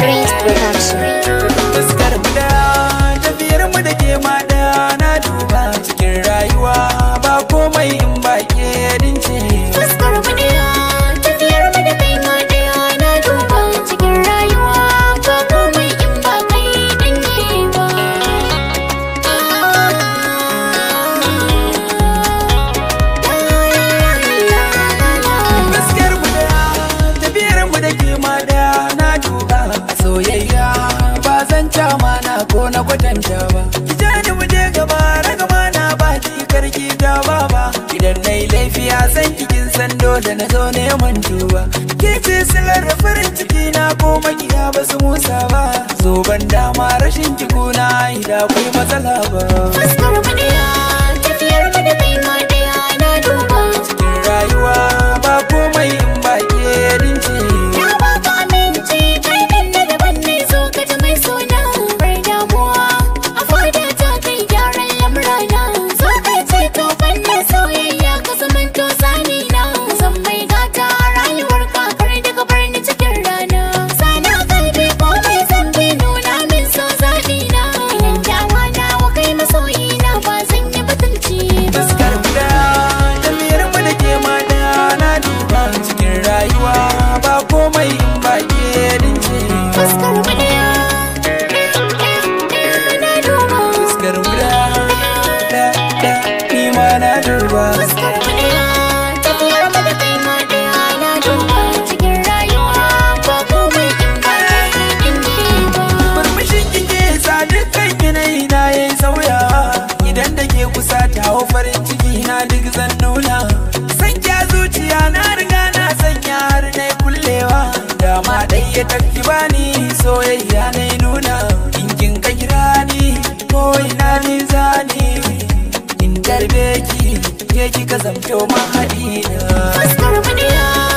Street Production. ta mu mu da ke mantuwa ke ce silar farin ciki na ko gida ba su musa ba zo ban dama rashin na ida akwai matsala ba fuskar do duba ke kika zamto mahaɗina